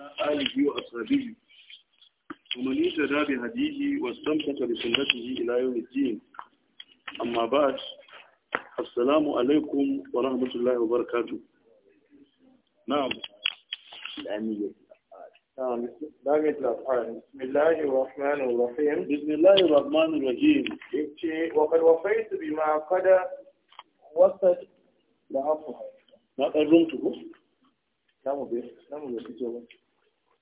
وعلى آله وأصحابه ومن يتدى بهديه واستمتك بسنته إلى يوم الدين أما بعد السلام عليكم ورحمة الله وبركاته نعم الأمية الأفعال بسم الله الرحمن الرحيم بسم الله الرحمن الرحيم وقد وفيت بما قد وصد لعفوها ما قرمته نعم بيه نعم بيه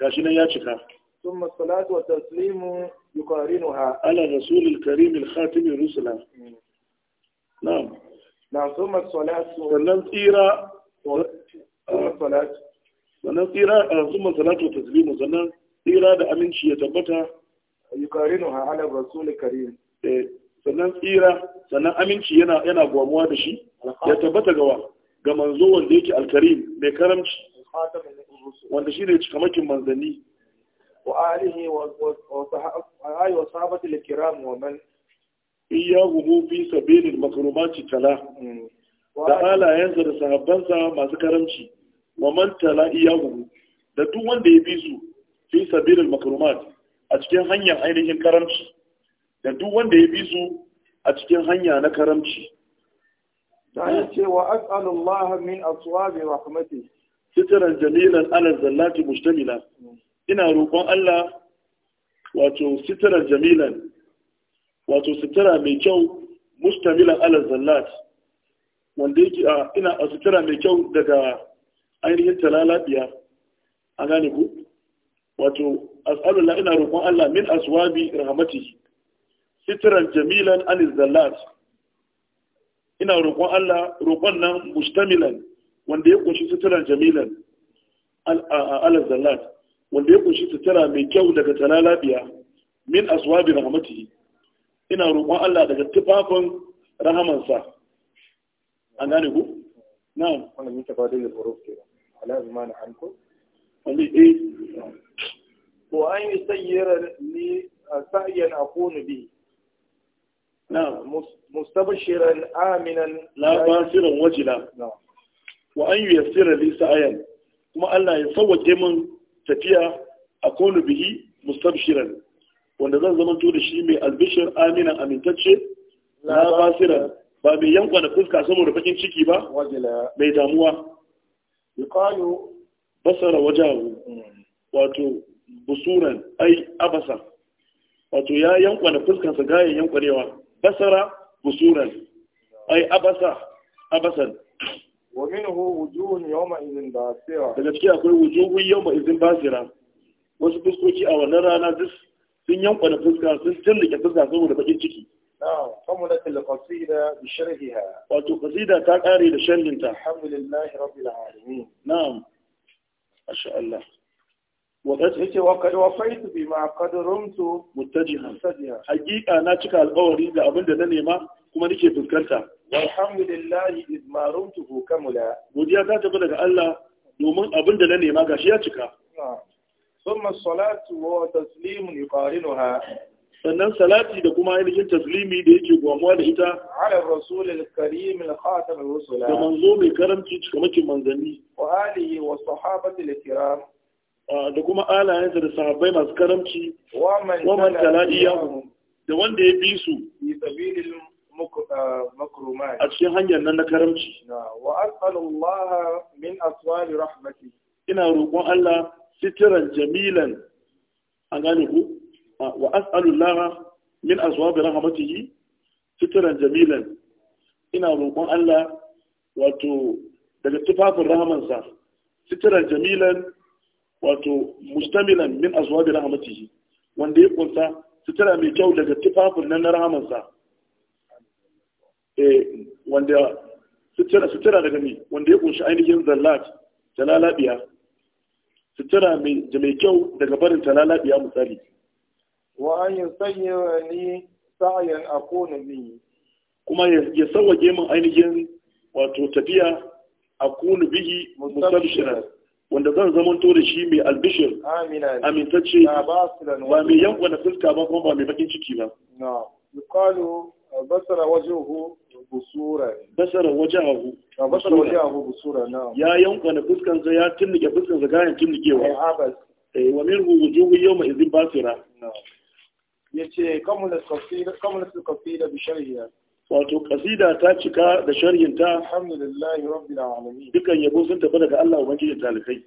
gashi nan ya cika ثم الصلاة والتسليم يقارنها على رسول الكريم الخاتم الرسل نعم na sun masalatu sannan tsira sannan tsira ah, masalatu wa taslimu sannan tsira da aminci ya tabbata ha ala rasulul karim eh, sannan tsira sannan aminci yana yana gwamuwa da shi ya tabbata gawa ga manzo wanda yake alkarim mai karamci wanda shi ne cikamakin manzanni wa alihi wa sahabi wa sahabati al-kiram wa man iyyahu fi sabirin makrumati tala hmm. da halayensa da sahabbansa masu karamci wa man tala iyyahu da duk wanda ya bi su fi sabirin makrumat a cikin hanyar ainihin karamci da duk wanda ya bi su a cikin hanya na karamci ta ce wa as'alullaha min aswabi rahmatihi sitaran jamilan ala zallati mustamila ina roƙon Allah wato sitaran jamilan wato sitara mai kyau mustamilan ala zallat wanda yake a ina a sitara mai kyau daga ainihin talalabiya a gane ku wato as'alullah ina roƙon Allah min aswabi rahmatihi Sitaran jamilan ala zallat ina roƙon Allah roƙon nan mustamilan wanda ya kunshi sutura jamilan ala zallat wanda ya kunshi sutura mai kyau daga talalabiya min aswabi rahmatihi ina roƙon Allah daga tufafin rahamansa an gane ku na wannan mun tafadil dole huruf kenan ala zamanin hanko? wani eh ko an a li a kone bi na mustabshiran aminan la wajila wa an yi yasira li sa'ayan kuma Allah ya sauwake min tafiya a konu bihi mustabshiran wanda zan zama to da shi mai albishir amina amintacce na basira ba mai yankwa da fuska saboda bakin ciki ba mai damuwa yuqalu basara wajahu mm. wato busuran ai abasa wato ya yankwa da sa gayen yankwarewa basara busuran ai abasa abasan wa minhu basira akwai wujuhun ma izin basira wasu fuskoki a wannan rana duk sun yanka da fuska sun jallake fuska saboda bakin ciki wato qasida ta kare da sharhinta alhamdulillahi na'am masha Allah yake يجي وقد وفيت بما قد رمت متجها حقيقه na cika alƙawari ga abin da na nema kuma nake fuskanta. walhamdulillahi iz marumtuhu kamula godiya ta tafi daga Allah domin abin da na nema gashi ya cika thumma salatu wa taslimun yuqarinuha sannan salati da kuma ainihin taslimi da yake gwamuwa da ita ala rasulil karim al khatam rusula da manzo mai karamci cikamakin manzanni wa alihi wa sahabati al kiram da kuma alayensa da sahabbai masu karamci wa man talaqiyahu da wanda ya bi su bi sabilil Eh, makrumat a cikin hanyar nan na karamci wa as'alullaha min aswali rahmati ina roƙon Allah sitiran jamilan an gane ku ah, wa as'alullaha min aswabi rahmatihi sitiran jamilan ina roƙon Allah wato daga tufafin rahamansa sitiran jamilan wato mustamilan min aswabi rahmatihi wanda ya kunsa sitira mai kyau daga tufafin nan na rahamansa Eh, wanda sutura daga mai wanda ya kunshi ainihin zallat talalabiya sutura mai kyau daga barin talalabiya misali wa an yi sanya ni sa'ayan a kone bihi kuma ya sauwaje min ainihin wato tafiya a kone bihi musabshirar wanda zan zama to da shi mai albishir amintacce ba mai yankwa na fuska ba kuma ba mai bakin ciki ba yuqalu basara wajhuhu busura basara wajhuhu basara wajhuhu busura ya yankana fuskan sa ya tinnike fuskan sa gayan tinnikewa eh abas eh wa minhu wujuhu yawma basira yace kamula qasida kamula qasida bi sharhiha wato qasida ta cika da sharhin ta alhamdulillah rabbil alamin dukan yabo sun tafi daga Allah ubangiji talikai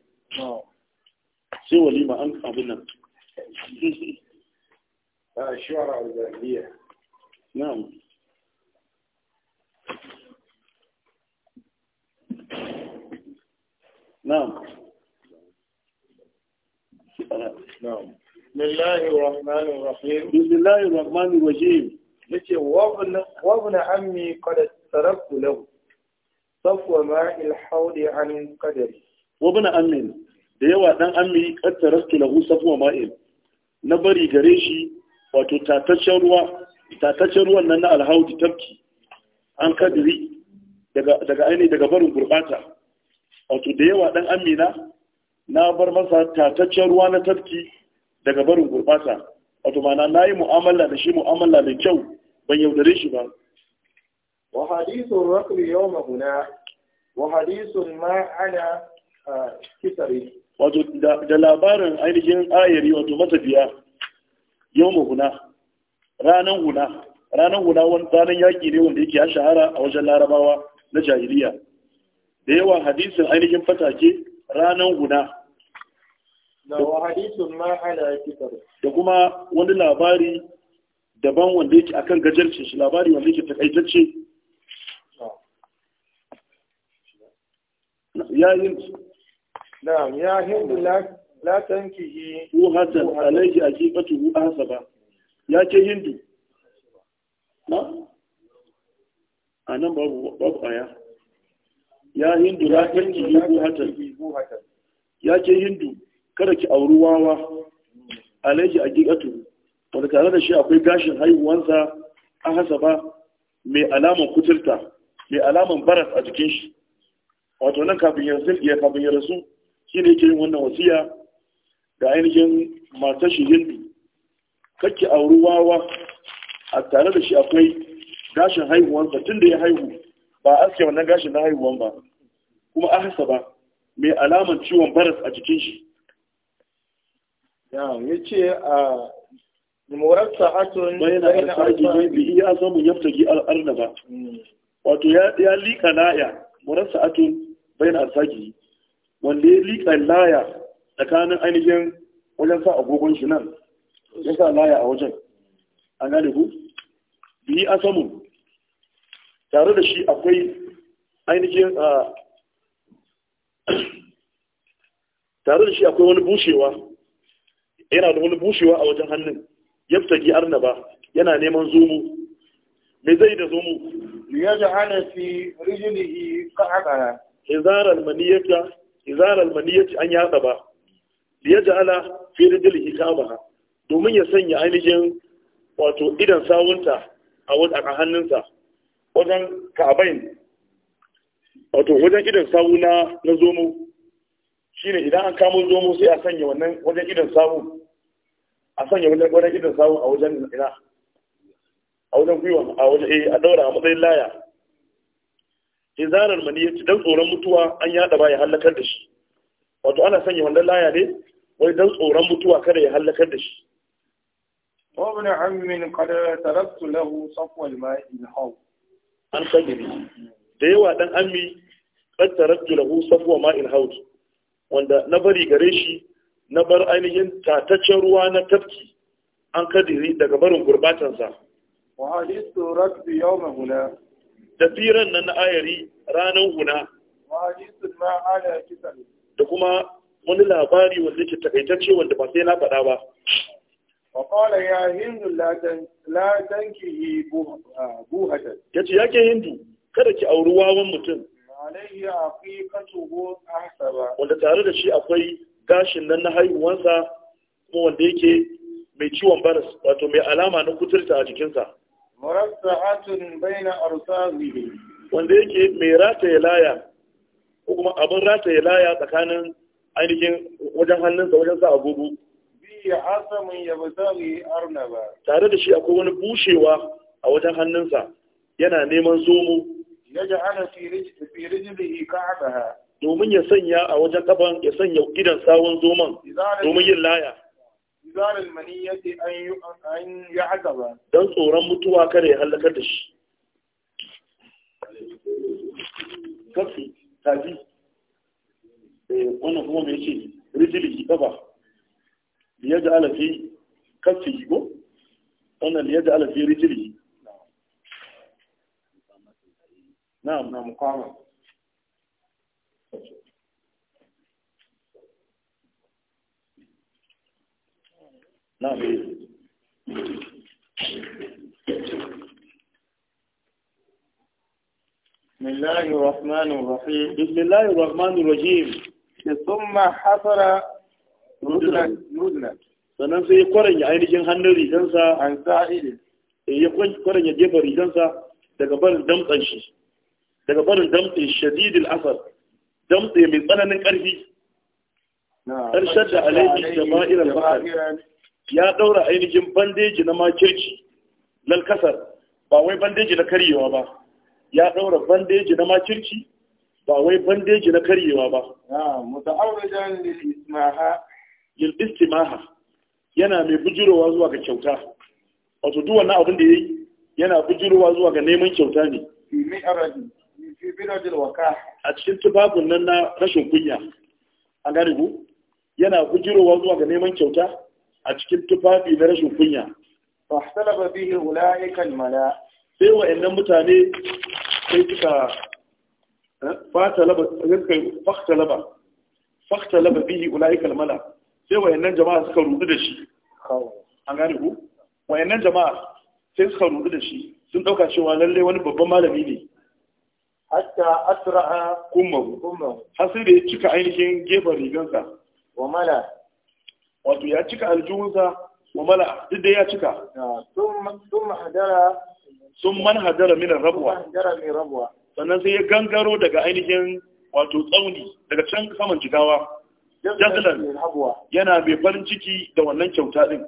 sai walima an abin nan na'am na'am na'am Bismillahi Rahmanu Rahim. Bismillahi Rahmanu Rahim. Yace wabna ammi qad taraktu lahu safwa ma'il hawdi an qadari. Wabna ammi da yawa dan ammi qad taraktu lahu safwa ma'il na bari gare shi wato tataccen ruwa tataccen ruwan nan na alhaudi tafki an kadiri daga aini daga barin gurbata wato da yawa dan amina na bar masa tataccen ruwa na tafki daga barin gurbata wato mana na yi mu'amala da shi mu'amala da kyau ban yaudare shi ba wa hadithun rakli yau mahuna wa hadithun ma'ana kisari wato da labarin ainihin ayari wato matafiya yau mahuna ranan guda ranan guda wani ranan yaƙi ne wanda yake ya shahara a wajen larabawa na jahiliya da yawa hadisin ainihin fatake ranan guda da kuma wani labari daban wanda yake akan gajarce shi labari wanda yake takaitacce ya yi na'am ya hindu la tankihi ruhatan alayhi aqibatuhu ahsaba ya ce hindu na a nan babu aya ya hindu ya kanki hindu hatar ya ce hindu kada ki auri wawa alaiki a gigatu wanda tare da shi akwai gashin haihuwansa a hasa ba mai alaman kuturta mai alaman baras a jikin shi wato nan kafin ya kafin ya shi ne ke yin wannan wasiya da ainihin matashi hindu kake auri wawa a tare da shi akwai gashin haihuwansa tun da ya haihu ba a aske wannan gashin na haihuwan ba kuma a hasa ba mai alaman ciwon baras a jikin shi ya ce a murarsa atun bayan da sarki mai bihi ya samu arna ba. wato ya liƙa laya murarsa bai na arsaki wanda ya liƙa laya tsakanin ainihin wajen sa agogon shi nan ya laya a wajen A gane biyi an samu tare da shi akwai ainihin a tare da shi akwai wani bushewa yana da wani bushewa a wajen hannun yaftagi arnaba yana neman zomu mai zai da zomu ya hana fi rijini qa'ara izar al-maniyata maniyyata an an ba ya hana fi rijlihi qa'ara domin ya sanya ainihin wato idan sawunta a a hannunsa wajen ka'abain wato wajen idan sawu na na zomo shine idan an kamo zomo sai a sanya wannan wajen idan sawu a sanya wajen idan sawu a wajen ina a wajen gwiwa a wajen eh, a daura a matsayin laya zarar izarar ci don tsoron mutuwa an yada ba ya halakar da shi wato ana sanya wannan laya ne wai don tsoron mutuwa kada ya halakar da shi وابن عم قد تركت له صفو الماء الحوض an kadiri da yawa dan ammi qad taraktu lahu safwa ma'il haud wanda na bari gare shi na bar ainihin tataccen ruwa na tafki an kadiri daga barin gurbatan sa wa hadithu rakbi yawma huna tafiran nan na ayari ranar huna wa hadithu ma ala kisan da kuma wani labari wanda ke takaitacce wanda ba sai na faɗa ba faƙala ya hindu latan ki buhatan ya ce yake hindu kada ki auri wawan mutum wanda tare da shi akwai gashin nan na haihuwansa kuma wanda yake mai ciwon baras wato mai alama na kuturta a jikinsa murassa'atun baina arsazihi wanda yake mai rataye laya ko kuma abin rataye laya tsakanin ainihin wajen hannunsa wajen sa agogo ya asa mun ya bazari arnaba tare da shi akwai wani bushewa a wajen hannunsa yana neman zomo ya ji ana firiji da ika abaha domin ya sanya a wajen kafan ya sanya gidan sawon zoman domin yin laya izarar mani ya ce an yi haka ba don tsoron mutuwa kare ya hallakar da shi kafi tafi eh, wannan kuma mai ce rijili kafa ليجعل في كفه أن ليجعل في رجله نعم نعم مقامة نعم بسم الله الرحمن الرحيم بسم الله الرحمن الرحيم ثم حصل sannan sai ya kwaranya ainihin hannun rigansa an sa'ili eh, ya kwaranya gefen rigansa daga barin damtsan shi daga barin damtsin shadidil asar damtse mai tsananin ƙarfi ƙarshen da alaihi ma'irar al ya ɗaura ainihin bandeji na makirci lalkasar ba wai bandeji na karyewa ba ya ɗaura bandeji na makirci ba wai bandeji na karyewa ba lil istimaha yana mai bujirowa zuwa ga kyauta wato duk wannan abin da yi yana bujirowa zuwa ga neman kyauta ne a cikin tufafin nan na rashin kunya a gane ku yana bujirowa zuwa ga neman kyauta a cikin tufafi na rashin kunya fahtalaba bihi ulaiikal mala sai wa'annan mutane sai suka eh, laba fahtalaba fahtalaba bihi ulaiikal mala sai wayannan jama'a suka rudu da shi an gane ku wayannan jama'a sai suka rudu da shi sun dauka cewa lalle wani babban malami ne hatta asra'a kummahu har sai da ya cika ainihin gefen rigansa wa mala wato ya cika aljihunsa wa mala duk da ya cika sun hadara sun man hadara min rabuwa sannan sai ya gangaro daga ainihin wato tsauni daga can saman jigawa jazilan yana mai farin ciki da wannan kyauta din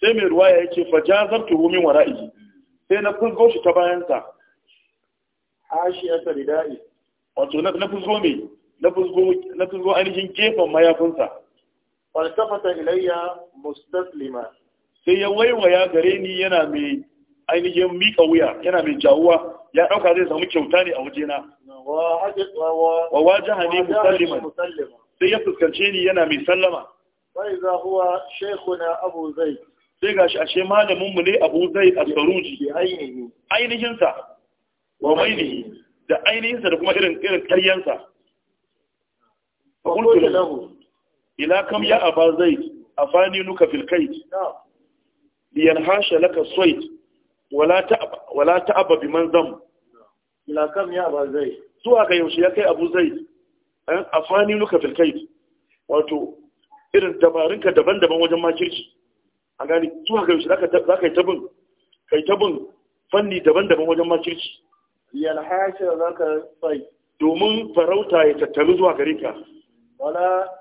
sai mai ruwa ruwaya yake fajazar wa wara'i sai na fuzgo shi ta bayansa ashiyata ridai wato na fuzgo mai na fuzgo ainihin gefen mayafinsa falsafata ilayya mustaslima sai ya waiwaya gare ni yana mai ainihin miƙa wuya yana mai jawuwa ya ɗauka zai samu kyauta ne a wajena wa wajahani musalliman sai ya fuskance ni yana mai sallama sai za huwa shaykhuna abu zai. sai gashi ashe malamin mu ne abu zaid as-saruji ainihin sa wa mainihi da ainihin sa da kuma irin irin karyan sa fa qultu ila kam ya aba zaid afani nuka filkai. kayt liyanhasha laka sayd wala ta'ab wala ta'ab biman ila kam ya aba zaid zuwa ga yaushe ya kai abu zai eh, a fani luka filkai wato irin dabarunka daban-daban wajen makirci a gani zuwa ga yaushe za ka yi tabin kai tabin fanni daban-daban wajen makirci yalhashin za ka sai domin farauta ya tattalu zuwa gare ka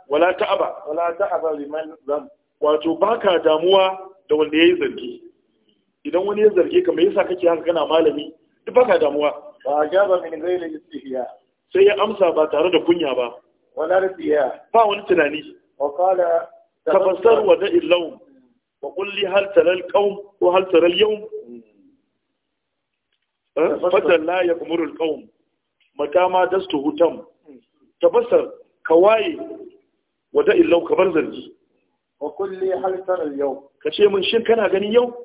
wala ta'aba wala ta'aba liman zam wato baka damuwa da wanda ya yi zargi idan wani ya zarge ka me yasa kake haka kana malami duk baka damuwa ba ajaba min ghairi istihya sai ya amsa ba tare da kunya ba wala rabiya ba wani tunani wa qala tafassar wa da lawm wa qul li hal tara al qawm wa hal tara al yawm fatan la yakmuru al qawm mata ma dastu hutam tafassar kawai wa da'i ka bar zargi wa qul li hal tara al yawm kace mun shin kana ganin yau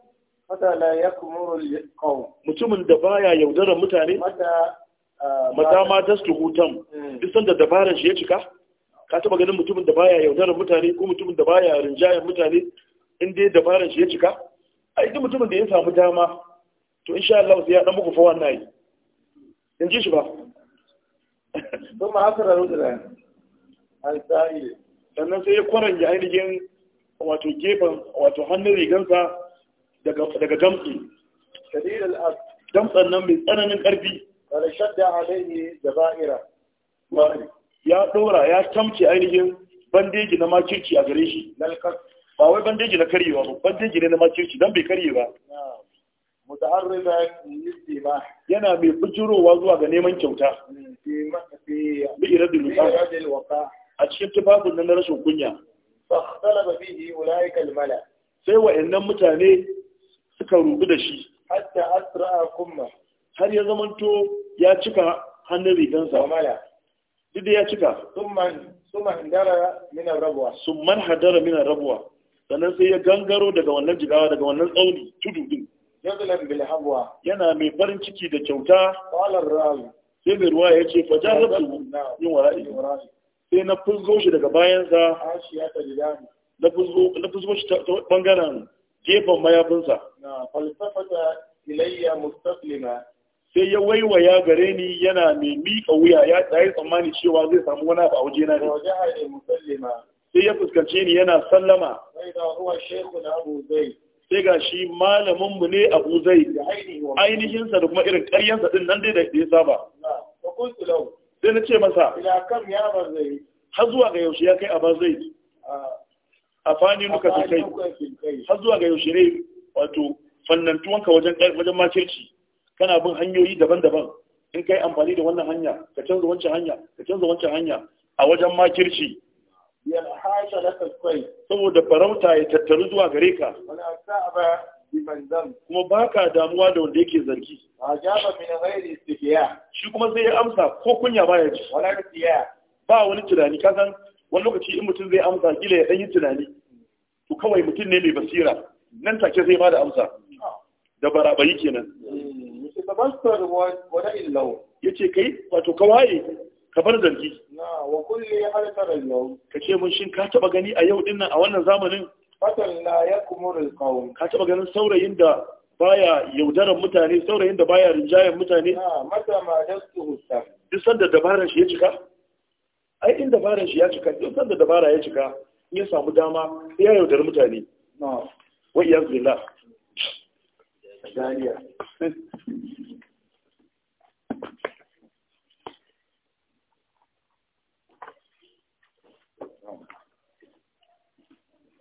mutumin da baya yaudarar mutane mata ah, ma ta su hutan mm. duk sanda dabarar shi ya cika ka taba ganin mutumin da baya yaudarar mutane ko mutumin da baya rinjayen mutane in dai dabarar shi ya cika a duk mutumin da ya samu dama to insha Allah sai ya dan muku fa wannan yi in ji shi ba ma sai sannan sai ya kwaranya ainihin wato gefen wato hannun rigansa daga damtsi damtsan nan mai tsananin ƙarfi ya ɗora ya tamce ainihin bandeji na makirci a gare shi ba wai bandeji na karyewa ba bandeji ne na makirci don bai karye ba yana mai bujirowa zuwa ga neman kyauta hmm, a cikin tufafin na rashin kunya sai wa'annan mutane suka rubu da shi hatta asra kuma har ya zamanto ya cika hannun rigansa mala duk da ya cika summan summan hadara min arabwa summan hadara min sannan sai ya gangaro daga wannan jigawa daga wannan tsauni tudu din jazalan bil habwa yana mai farin ciki da kyauta qalar rawi sai mai ruwa ya ce fajarabtu yin wara'i sai na fuzgo shi daga bayansa na fuzgo shi ta bangaren gefen mayafinsa na falsafata ilayya mustaslima sai ya waiwaya gare ni yana mai miƙa wuya ya tsaye tsammani cewa zai samu wani abu a waje na ne sai ya fuskanci ni yana sallama sai ga shi malamin ne abu zai ainihin sa da kuma irin ƙaryan sa din nan dai da ya saba sai na ce masa har zuwa ga yaushe ya kai abu zai ah, afani nuka su kai har zuwa ga yaushe ne wato fannantuwanka wajen wajen makirci kana bin hanyoyi daban-daban in kai amfani da wannan hanya ka canza wancan hanya ka canza wancan hanya a wajen makirci saboda farauta ya tattaru zuwa gare ka kuma ba ka damuwa da wanda yake zargi shi kuma sai ya amsa ko kunya ba ya ji ba wani tunani kasan wani lokaci in mutum zai amsa gila ya ɗanyi tunani to kawai mutum ne mai basira nan take zai ba da amsa da barabayi kenan eh, ya ce kai wato kawaye ka bar zargi ka ce mun shin ka taba gani a yau dinnan a wannan zamanin ka taba ganin saurayin da baya yaudaran mutane saurayin da baya rinjayen mutane duk sanda dabarar shi ya cika ai in dabaran shi ya cika duk sanda dabara ya cika ya samu dama ya yaudar mutane wa iya billah بسم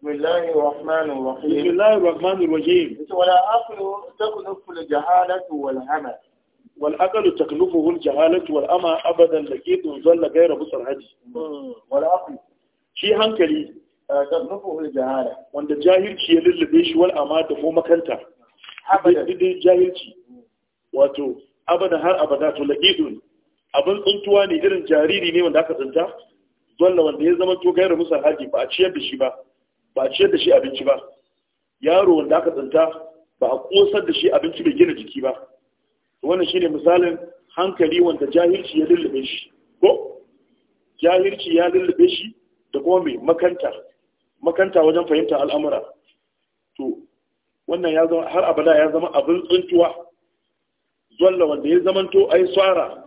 الله الرحمن الرحيم بسم الله الرحمن الرحيم ولا أقل تكنف الجهالة والهمل والعقل تكلفه الجهالة والأمى أبدا لقيت ظل غير بصرهدي والعقل شي هنكلي تكلفه الجهالة وند جاهل شي للبيش والأمى دفو مكانتا أبدا دي جاهل شي واتو أبدا هر أبدا تلقيت ne irin jariri ne wanda aka tsinta zalla wanda ya zama to gairar musar haji ba a ciyar da shi abinci ba yaro wanda aka tsinta ba a kosar da shi abinci mai gina jiki ba wannan shine misalin hankali wanda jahilci ya lullube shi ko jahilci ya lullube shi da kuma mai makanta makanta wajen fahimta al'amura to wannan ya zama har abada ya zama abin tsuntuwa zalla wanda ya zamanto ai tsara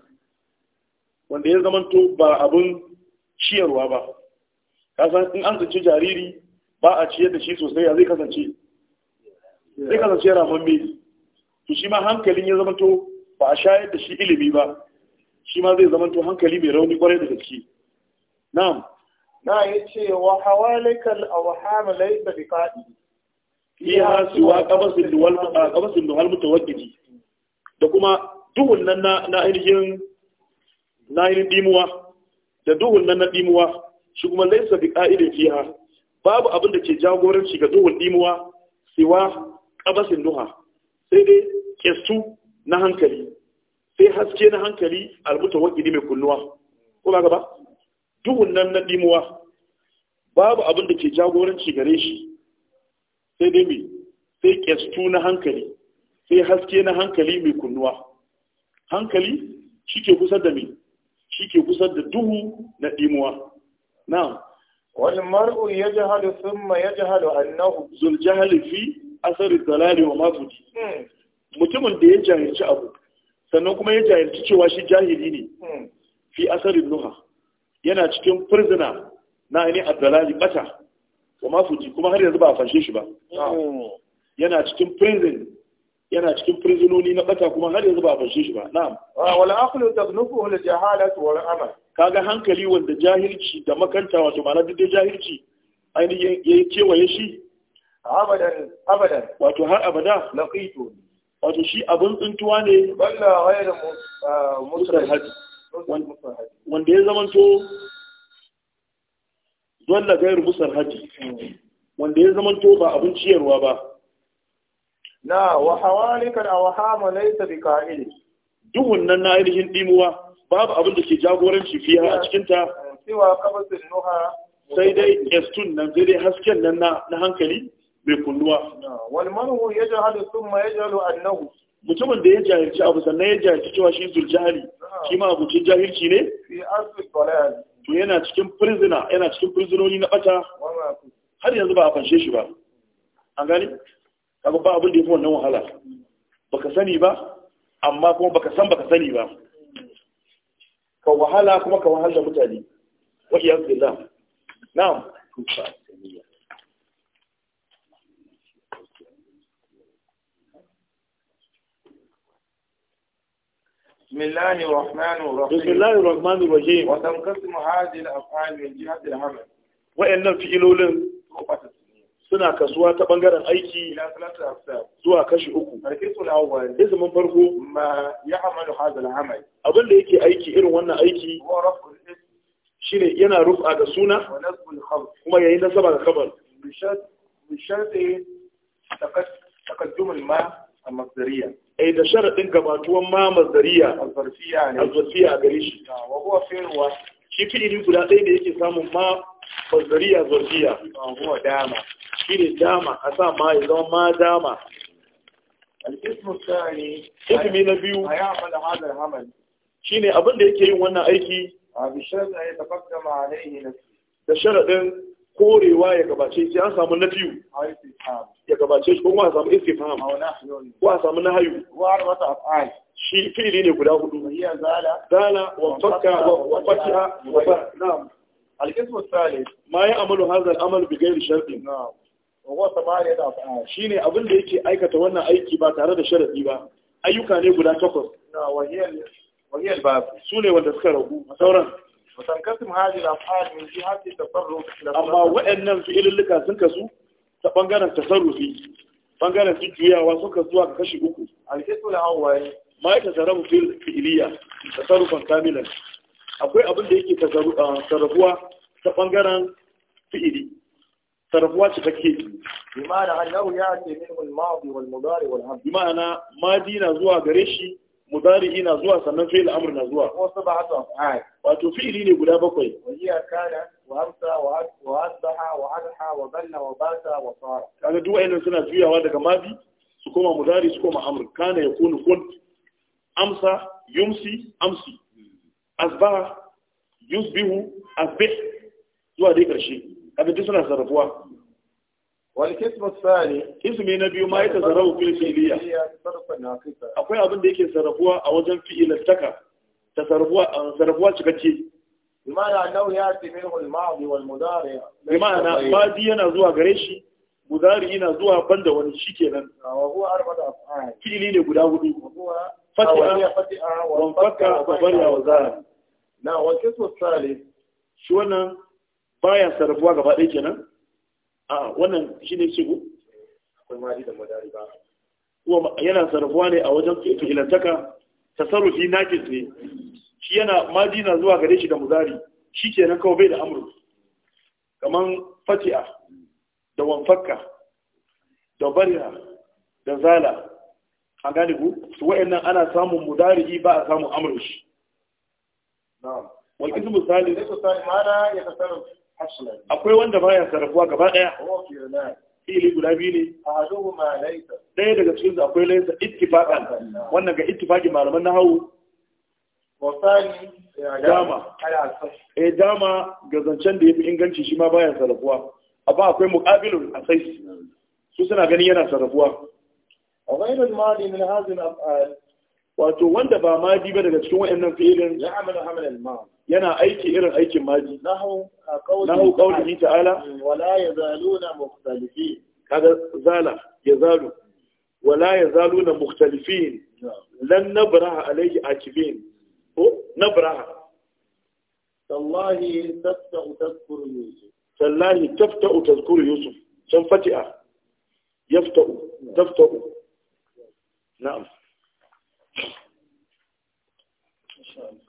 wanda ya zamanto ba abin ciyarwa ba kasan in an zance jariri ba a ciyar da shi sosai ya zai kasance zai kasance ramamme to shi ma hankalin ya zamanto ba a shayar da shi ilimi ba shi ma zai zamanto hankali mai rauni kwarai da gaske na'am na ya ce wa hawalikal awham laysa bi fadi fiha siwa qabasin duwal qabasin duwal mutawaqqidi da kuma duhun nan na na ainihin na ainihin dimuwa da duhun nan na dimuwa shi kuma laysa bi qa'idin fiha babu abin da ke jagoranci ga duhun dimuwa siwa qabasin duha sai dai na hankali sai haske na hankali albuta wakili mai kunnuwa ko ba gaba duhun nan na dimuwa babu abin da ke jagoranci gare shi sai dai mai sai kistu na hankali sai haske na hankali mai kunnuwa hankali shi ke kusa da mai shi ke kusa da duhu na dimuwa na Wani mar'u ya ya thumma yajhalu annahu zul jahli fi Asarin dalali wa mafuti. mutumin da ya jahilci abu sannan kuma ya jahilci cewa shi jahili ne fi asarin nuha yana cikin firzina na aini abdalali bata wa mafuti kuma har yanzu ba a fashe shi ba yana cikin prison yana cikin prisononi na bata kuma har yanzu ba a fashe shi ba na'am wal aqlu tadnufu al jahalat wal amal kaga hankali wanda jahilci da makanta wato ma'ana duk jahilci ainihin yayi kewaye shi abadan abadan wato har abada wato shi abun tsintuwa ne balla ah, wanda ya ba abun ciyarwa ba na wa hawalika duhun nan na ainihin dimuwa babu abin da ke jagoranci fiya a cikin ta cewa kabasin sai dai estun nan sai dai hasken nan na hankali bai kulluwa annahu mutumin da ya jahilci abu sannan ya jahilci cewa shi jahili, shi ma abucin jahilci ne to yana cikin prisoner yana cikin prisononi na bata har yanzu ba a fanshe shi ba an gani kaga ba abin da ya fi wannan wahala baka sani ba amma kuma baka san baka sani ba ka wahala kuma ka wahala mutane wa iyyazu billah na'am بسم الله الرحمن الرحيم بسم الله الرحمن الرحيم وتنقسم هذه الأفعال من جهة العمل suna kasuwa ta bangaren aiki zuwa kashi uku. Ismin farko ma ya amalu hazal amal. Abin da yake aiki irin wannan aiki shine yana rufa da suna kuma yayin nasaba ga kabar. Bishar da takaddumul ma a masdariya. ai eh, da sharadin gabatuwan ma mazdariya alfarfiya a gare shi wa huwa fi'luwa shi fi'ili guda ɗaya da yake samun ma mazdariya zarfiya wa dama shi ne dama a sa ma ya zama ma dama al na biyu a ya amala hadal hamal shi ne abin da yake yin wannan aiki a bishar da ya tafakkama alaihi nafsi da sharadin korewa ya gabace shi an samu na biyu ya gabace shi kuma a samu istifham ko a samu na hayu shi fili ne guda hudu zala wa fakka wa fatiha wa ba na'am al-qism ma ya'malu amalu al-amal bi ghayri shi ne abin da yake aikata wannan aiki ba tare da sharadi ba ayyuka ne guda takwas su ne wanda suka ragu a sauran mutankatin hajji da fahimci shi hajji da tsarrufi amma waɗannan fi'ililluka sun kasu ta ɓangaren tasarrufi ɓangaren su juyawa sun kasu zuwa kashi uku alkesu da hawaye ma'aika tsarar fi'iliya tasarrufan kamilan akwai abin da yake ah, tasarrufuwa ta ɓangaren fi'ili tasarrufuwa ta take yi bi ma'ana hanyar ya ce min wal ma'adi wal mudari wal hamdi ma'ana ma'adi na zuwa gare shi mudari na zuwa sannan fi'il amr na zuwa wa sab'atu af'al wato fi'ili ne guda bakwai wa hiya kana wa amsa wa wa asbaha wa adha wa banna wa bata wa sara kaga duk wayannan suna juyawa daga madi su koma mudari su koma amr kana yakunu kun amsa yumsi amsi asbaha yusbihu asbih zuwa dai karshe kaga duk suna sarrafuwa والقسم الثاني اسم نبي ما يتصرف في الفعلية akwai abin yake sarrafuwa a wajen fi'ilantaka tasarrufuwa sarrafuwa cikakke bimana annahu yati minhu al-madi wal mudari bimana madi yana zuwa gare shi mudari yana zuwa banda wani shikenan ah, wa huwa arba'atu ne guda hudu fatiha fatiha fakka wa barra wa zara na wa kismu shi wannan baya sarrafuwa gaba ɗaya kenan a wannan shi ne shigo akwai mali da madari ba yana sarrafuwa ne a wajen filantaka tasarrufi nakis ne shi yana madi na zuwa gare shi da muzari shi ke nan kawai bai da amur kamar fati'a da wanfakka da bariya da zala a gane ku su wa'annan ana samun muzari ba a samun amur shi wal ismu salis ya tasarrufi akwai wanda baya sarrafuwa gaba daya fili guda biyu ne ɗaya daga cikin akwai laisa ittifaqan wannan ga ittifaqi malaman nahawu dama eh dama ga zancen da yafi inganci shi ma baya sarrafuwa amma akwai muqabilun asai su suna ganin yana sarrafuwa wato wanda ba madi ba daga cikin wayannan fi'ilin ya amala amalan ma yana aiki irin aikin maji. nahu nahu qawlihi ta'ala mm, wala yazaluna mukhtalifin kaga zala yazalu wala yazaluna mukhtalifin lan nabraha alayhi akibin ko nabraha tallahi tafta'u tadhkuru yusuf tallahi tafta'u tadhkuru yusuf san fatiha yafta tafta'u na'am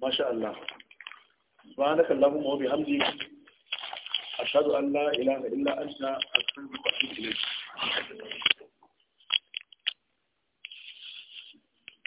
masha Allah subhanaka allahumma wa bihamdika ashhadu an la ilaha illa anta astaghfiruka wa atubu ilayk